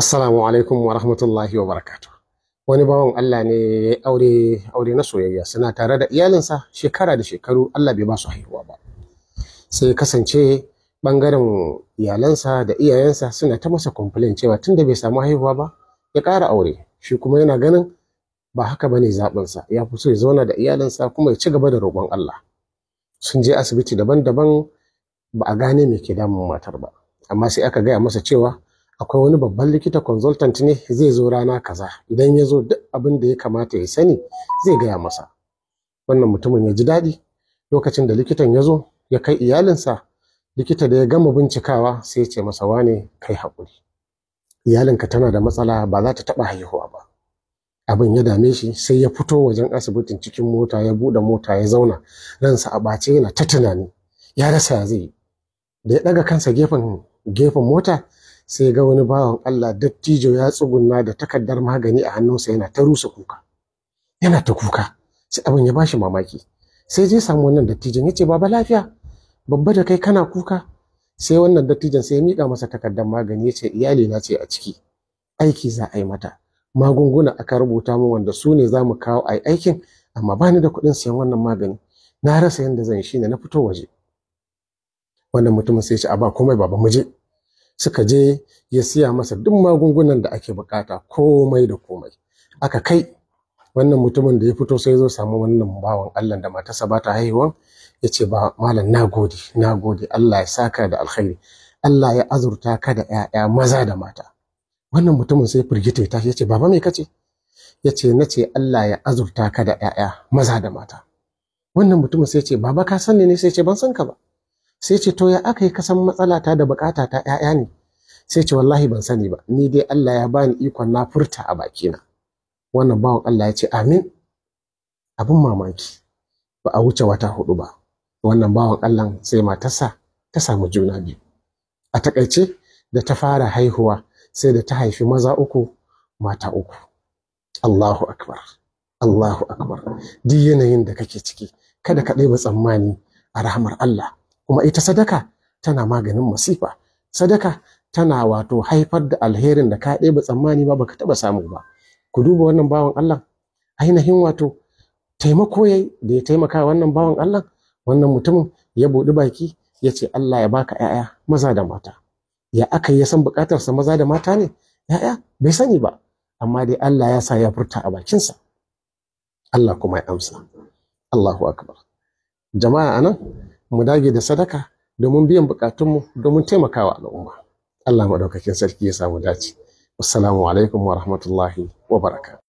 Assalamu alaikum wa rahmatullahi wa barakatu. Wani bawan Allah ne ya aure na soyayya suna tare da iyalinsa shekara da shekaru Allah bai ba su haihuwa ba. Sai kasance bangaren iyalansa da iyayensa suna ta masa complain cewa tun da bai samu haihuwa ba ya kara aure shi kuma yana ganin ba haka ba ne zaɓinsa ya fi so ya zauna da iyalinsa kuma ya ci gaba da roƙon Allah. Sun je asibiti daban-daban ba a gane me ke damun matar ba amma sai aka gaya masa cewa akwai wani babban likita consultant ne zai zo rana kaza idan ya zo duk abin da ya kamata ya sani zai gaya masa wannan mutumin ya ji daɗi lokacin da likitan ya zo ya kai iyalinsa likita da ya gama bincikawa sai ya ce masa wane kai haƙuri iyalinka tana da matsala ba za ta taɓa haihuwa ba abin ya dame shi sai ya fito wajen asibitin cikin mota ya buɗe mota ya zauna ransa a ɓace yana ta tunani ya rasa ya zai da ya ɗaga kansa gefen gefen mota sai ga wani bawan Allah dattijo ya tsugunna da takardar magani a hannunsa yana ta rusa kuka yana ta kuka sai abin ya bashi mamaki sai je samu wannan dattijon ya ce baba lafiya babba da kai kana kuka sai wannan dattijon sai ya miƙa masa takardar magani ya ce iyali na ce a ciki aiki za a yi mata magunguna aka rubuta mu wanda su ne za mu kawo a aikin amma ba ni da kuɗin siyan wannan magani na rasa yadda zan shi ne na fito waje wannan mutumin sai ya ce a ba komai baba mu je suka je ya siya masa duk magungunan da ake bukata komai da komai aka kai wannan mutumin da ya fito sai zo samu wannan bawan Allah da matarsa ba ta haihuwa ya ce ba malam na gode na gode Allah ya saka da alkhairi Allah ya azurta ka da ‘ya'ya maza da mata wannan mutumin sai firgita ta ya ce baba me kace ya ce na ce Allah ya azurta ka da ‘ya'ya maza da mata wannan mutumin sai ce baba ka san ne sai ce ban san ka ba sai ce to ya aka yi kasan matsala ta da bukata ta ƴaƴa ne sai ce wallahi ban sani ba ni dai Allah ya bani ikon na furta a bakina wannan bawan Allah ya ce amin abin mamaki ba a wuce wata hudu ba wannan bawan Allah sai matarsa ta samu juna biyu a takaice da ta fara haihuwa sai da ta haifi maza uku mata uku Allahu akbar Allahu akbar duk yanayin da kake ciki kada ka ɗaiba tsammani a rahamar Allah kuma ita sadaka tana maganin masifa sadaka tana wato haifar da alherin da ka ba tsammani ba baka taɓa samu ba ku duba wannan bawan Allah ainihin wato taimako yayi da ya taimaka wannan bawan Allah wannan mutumin ya buɗi baki ya ce Allah ya baka ƴaƴa maza da mata ya aka ya san sa maza da mata ne ƴaƴa bai sani ba amma dai Allah ya sa ya furta a bakinsa Allah kuma ya amsa Allahu akbar jama'a anan mu dage da sadaka domin biyan bukatunmu domin taimakawa al'umma Allah maɗaukakin sarki ya samu dace assalamu alaikum wa rahmatullahi wa baraka